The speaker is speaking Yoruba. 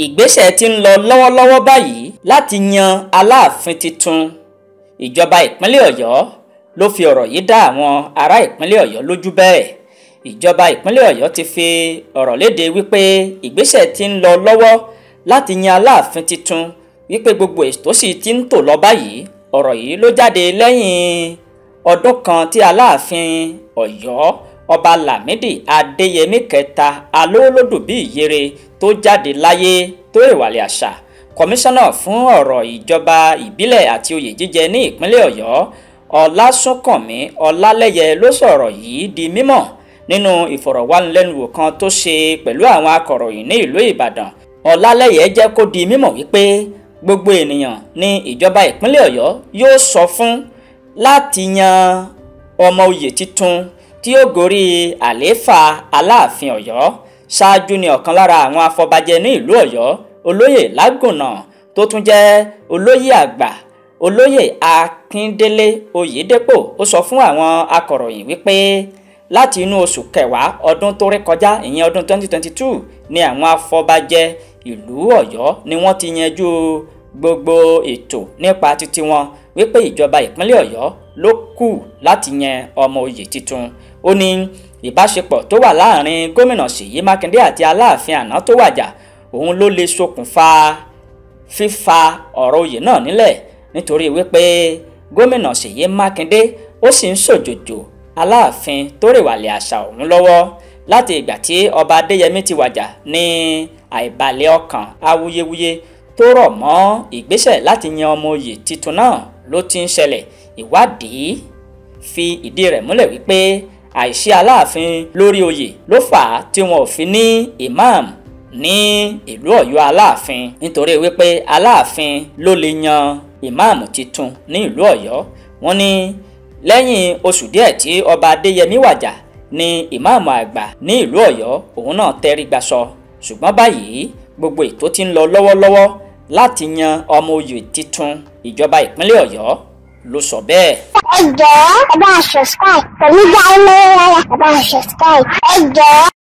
ìgbésẹ̀ ti ń lọ lọ́wọ́lọ́wọ́ báyìí láti yan aláàfin tuntun ìjọba ìpínlẹ̀ ọ̀yọ́ ló fi ọ̀rọ̀ yìí dá àwọn ará ìpínlẹ̀ ọ̀yọ́ lójú bẹ́ẹ̀ ìjọba ìpínlẹ̀ ọ̀yọ́ ti fi ọ̀rọ̀ léde wípé ìgbésẹ̀ ti ń lọ lọ́wọ́ láti yan aláàfin tuntun wípé gbogbo ètò sì ti ń tò lọ báyìí ọ̀rọ̀ yìí ló jáde lẹ́yìn ọdún kan tí aláàfin ọ̀yọ́ ọba Lámídì Adéyẹmí kẹta alólódù bí ìyèrè tó jáde láyé tó ìwàlẹ̀ àṣà kọmíṣánná fún ọ̀rọ̀ ìjọba ìbílẹ̀ àti oyè jíjẹ ní ìpínlẹ̀ Ọ̀yọ́ Ọlásùnkànmí Ọlálẹ́yẹ ló sọ̀rọ̀ yìí di mímọ̀ nínú ìfọ̀rọ̀wánilẹ́nuwò kan tó ṣe pẹ̀lú àwọn akọ̀ròyìn ní ìlú Ìbàdàn Ọlálẹ́yẹ jẹ́ kó di mímọ̀ wípé gbogbo ènìyàn ní ìjọba ìpínlẹ̀ Ọ̀yọ́ yóò sọ fún láti yan ọmọ oyè tuntun tí ó gorí àlééfà aláàfin ọ̀yọ́ ṣáájú ni ọ̀kan lára àwọn afọbajẹ ní ìlú ọ̀yọ́ olóyè lágùnà tó tún jẹ́ olóyè àgbà olóyè akíndélé oyèdèpọ̀ ó sọ fún àwọn akọ̀ròyìn wípé láti inú oṣù kẹwàá ọdún tó ré kọjá ìyẹn ọdún 2022 ni àwọn afọbajẹ ìlú ọ̀yọ́ ni wọ́n ti yanjú gbogbo ètò nípa títí wọn wípé ìjọba ìpínlẹ̀ ọ̀yọ́ ló kù láti yan ọmọ oyè tuntun ó ní ìbáṣepọ̀ tó wà láàrin gómìnà ṣèyí mákindé àti aláàfin àná tó wàjà òun ló lè ṣokùnfà fífa ọ̀rọ̀ oyè náà nílẹ̀ nítorí wípé gómìnà ṣèyí mákindé ó sì ń ṣòjòjò aláàfin tó rèwàlẹ̀ àṣà òun lọ́wọ́ láti ìgbà tí ọba adéyẹmí ti wàjà ní àìbalẹ̀ ọkàn awuyewuye tó rọ̀ mọ́ ìgbésẹ̀ láti yan ọmọ oyè tuntun náà ló ti ń ṣẹlẹ̀ ìwádìí fi ìdí rẹ̀ múlẹ̀ wípé àìsí aláàfin lórí oyè ló fà á tí wọn ò fi ní imam ní ìlú Ọ̀yọ́ aláàfin nítorí wípé aláàfin ló lè yan imam tuntun ní ìlú Ọ̀yọ́ wọ́n ní lẹ́yìn oṣù díẹ̀ tí ọba Adéyẹmí wàjà ni ìmáàmù àgbà ní ìlú Ọ̀yọ́ òun náà tẹrígba sọ ṣùgbọ́n báyìí gbogbo ètò ti ń lọ lọ́wọ́lọ́wọ́ láti yan ọmọ oyè titun ìjọba ìpínlẹ̀ ọ̀yọ́ ló sọ bẹ́ẹ̀. ẹ jọ̀ọ́ ẹ bá ṣe skype pẹ̀lú gbàgbọ́ ẹ bá ṣe skype ẹ jọ̀ọ́.